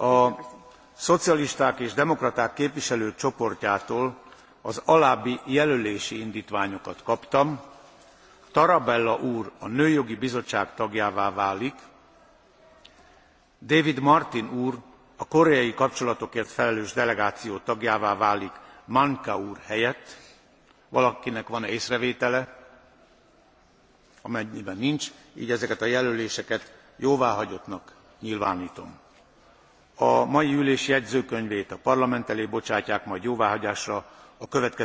a szocialisták és demokraták képviselők csoportjától az alábbi jelölési indtványokat kaptam tarabella úr a nőjogi bizottság tagjává válik david martin úr a koreai kapcsolatokért felelős delegáció tagjává válik maka úr helyett valakinek van e észrevétele? amennyiben nincs gy ezeket a jelöléseket jóváhagyottnak nyilvántom a mai ülés jegyzőkönyvét a parlament elé bocsátják majd jóváhagyásra a következő ülés